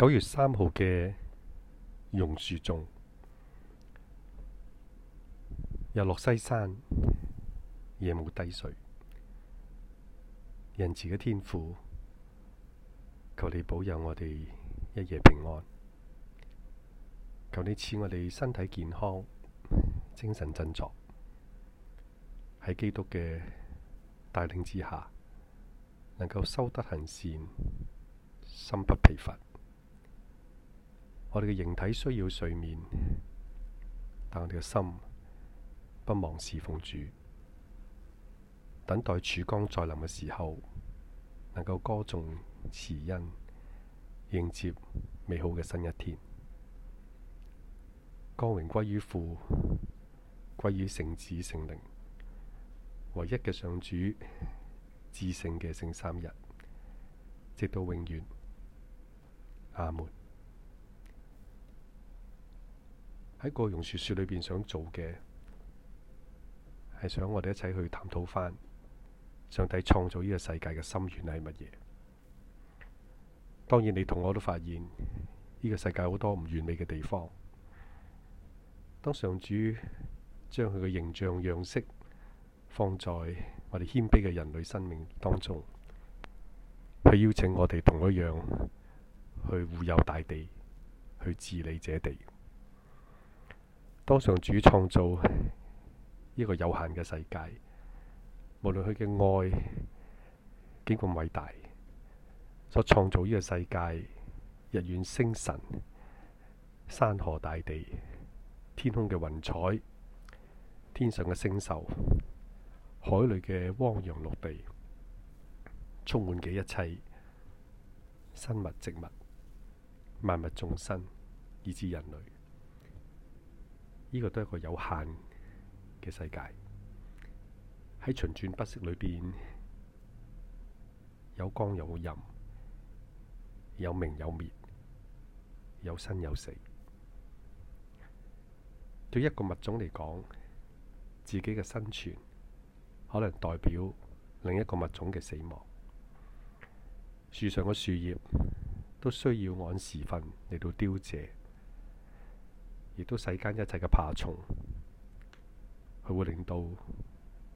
九月三號嘅榕樹中，日落西山，夜幕低垂，仁慈嘅天父，求你保佑我哋一夜平安，求你賜我哋身體健康、精神振作，喺基督嘅帶領之下，能夠修德行善，心不疲乏。我哋嘅形體需要睡眠，但我哋嘅心不忘侍奉主，等待曙光再臨嘅時候，能夠歌頌慈恩，迎接美好嘅新一天。光榮歸於父，歸於聖子聖靈，唯一嘅上主，至聖嘅聖三日，直到永遠。阿門。喺個融雪雪裏邊，想做嘅係想我哋一齊去探討翻上帝創造呢個世界嘅心願係乜嘢？當然，你同我都發現呢個世界好多唔完美嘅地方。當上主將佢嘅形象樣式放在我哋謙卑嘅人類生命當中，佢邀請我哋同一樣去護佑大地，去治理這地。當上主創造一個有限嘅世界，無論佢嘅愛幾咁偉大，所創造呢個世界，日月星辰、山河大地、天空嘅雲彩、天上嘅星宿、海裡嘅汪洋陸地，充滿嘅一切生物、植物、萬物眾生，以至人類。呢個都係一個有限嘅世界，喺循轉不息裏邊，有光有陰，有明有滅，有生有死。對一個物種嚟講，自己嘅生存，可能代表另一個物種嘅死亡。樹上嘅樹葉，都需要按時分嚟到凋謝。亦都世間一切嘅爬蟲，佢會令到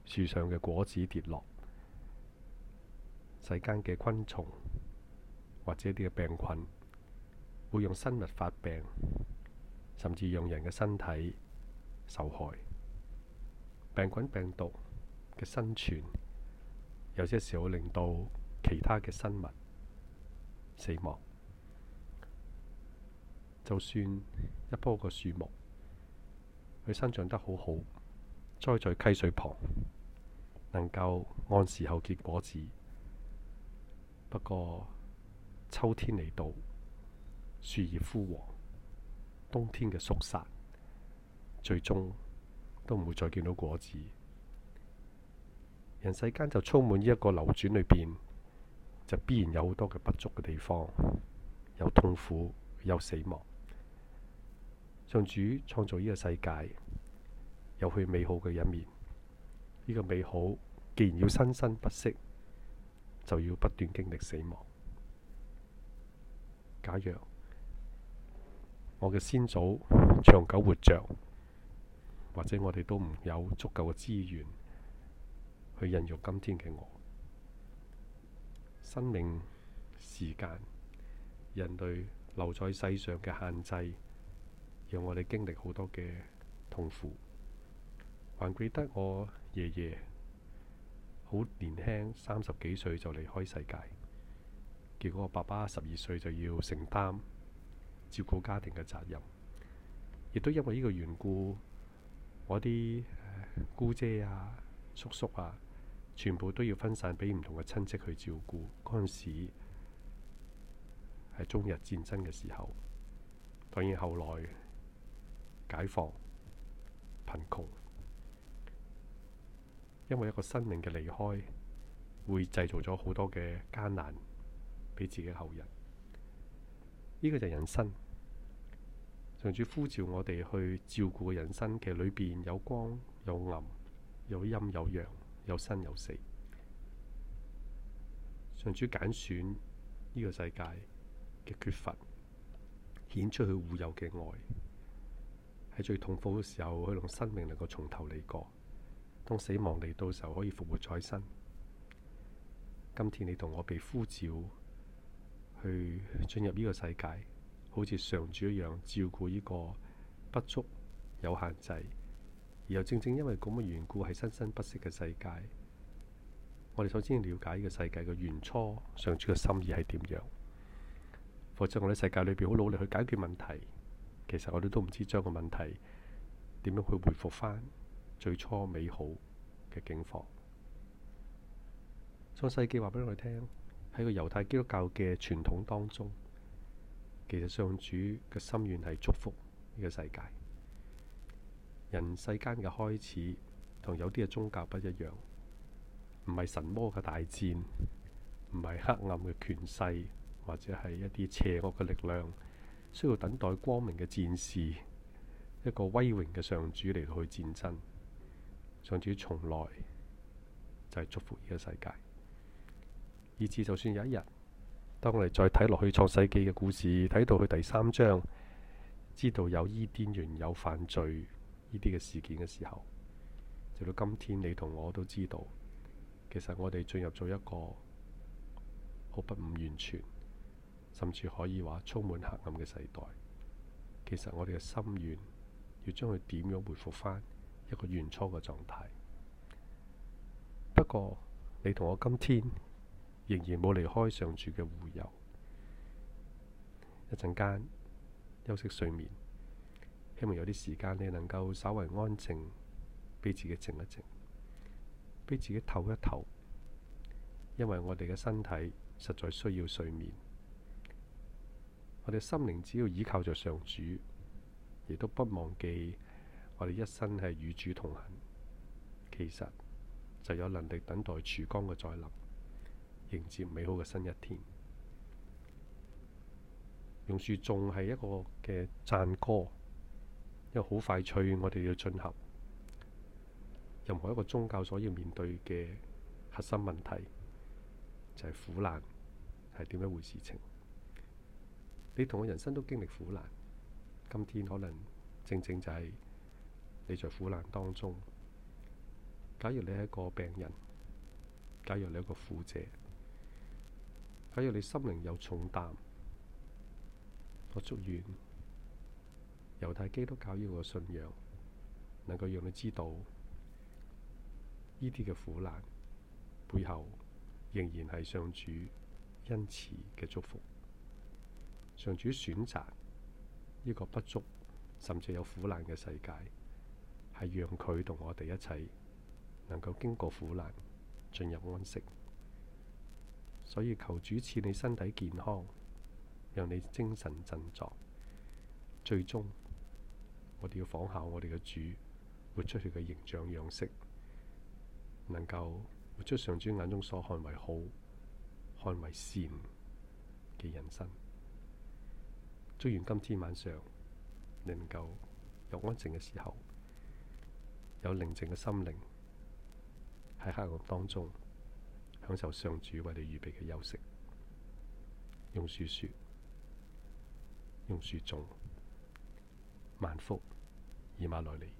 樹上嘅果子跌落；世間嘅昆蟲或者一啲嘅病菌，會用生物發病，甚至讓人嘅身體受害。病菌、病毒嘅生存，有些時候會令到其他嘅生物死亡。就算一樖個樹木，佢生長得好好，栽在溪水旁，能夠按時候結果子。不過秋天嚟到，樹葉枯黃，冬天嘅肅殺，最終都唔會再見到果子。人世間就充滿呢一個流轉裏邊，就必然有好多嘅不足嘅地方，有痛苦，有死亡。上主創造呢個世界，有佢美好嘅一面。呢、這個美好，既然要生生不息，就要不斷經歷死亡。假若我嘅先祖長久活着，或者我哋都唔有足夠嘅資源去孕育今天嘅我，生命、時間、人類留在世上嘅限制。讓我哋經歷好多嘅痛苦，還記得我爺爺好年輕，三十幾歲就離開世界。結果我爸爸十二歲就要承擔照顧家庭嘅責任，亦都因為呢個緣故，我啲姑姐啊、叔叔啊，全部都要分散俾唔同嘅親戚去照顧。嗰陣時係中日戰爭嘅時候，當然後來。解放貧窮，因為一個生命嘅離開，會製造咗好多嘅艱難俾自己後人。呢個就係人生，上主呼召我哋去照顧嘅人生面。其實裏邊有光有暗，有陰有陽，有生有死。上主揀選呢個世界嘅缺乏，顯出佢護佑嘅愛。喺最痛苦嘅時候，去同生命能夠從頭嚟過；當死亡嚟到時候，可以復活再生。今天你同我被呼召去進入呢個世界，好似上主一樣照顧呢個不足、有限制。而又正正因為咁嘅緣故，係生生不息嘅世界。我哋首先了解呢個世界嘅原初上主嘅心意係點樣，否則，我哋世界裏邊好努力去解決問題。其實我哋都唔知將個問題點樣去回復翻最初美好嘅境況。創世紀話俾我哋聽，喺個猶太基督教嘅傳統當中，其實上主嘅心願係祝福呢個世界。人世間嘅開始同有啲嘅宗教不一樣，唔係神魔嘅大戰，唔係黑暗嘅權勢，或者係一啲邪惡嘅力量。需要等待光明嘅戰士，一個威榮嘅上主嚟到去戰爭。上主從來就係祝福呢個世界。以至就算有一日，當我哋再睇落去創世紀嘅故事，睇到去第三章，知道有伊甸園有犯罪呢啲嘅事件嘅時候，直到今天，你同我都知道，其實我哋進入咗一個好不唔完全。甚至可以話充滿黑暗嘅世代。其實我哋嘅心願要將佢點樣回復翻一個原初嘅狀態。不過你同我今天仍然冇離開上主嘅護佑，一陣間休息睡眠，希望有啲時間你能夠稍為安靜，俾自己靜一靜，俾自己唞一唞，因為我哋嘅身體實在需要睡眠。我哋心靈只要依靠着上主，亦都不忘記我哋一生係與主同行。其實就有能力等待曙光嘅再臨，迎接美好嘅新一天。榕樹仲係一個嘅讚歌，因為好快脆，我哋要進行，任何一個宗教所要面對嘅核心問題，就係苦難係點樣回事情。你同我人生都經歷苦難，今天可能正正就係你在苦難當中。假如你係個病人，假如你係個負者，假如你心靈有重擔，我祝願猶太基督教呢個信仰能夠讓你知道，呢啲嘅苦難背後仍然係上主恩慈嘅祝福。上主選擇呢個不足，甚至有苦難嘅世界，係讓佢同我哋一齊能夠經過苦難進入安息。所以求主賜你身體健康，讓你精神振作。最終，我哋要仿效我哋嘅主活出佢嘅形象樣式，能夠活出上主眼中所看為好、看為善嘅人生。祝願今天晚上，你能夠有安靜嘅時候，有寧靜嘅心靈，喺黑暗當中享受上主為你預備嘅休息。用樹樹，用樹種，萬福以馬內利。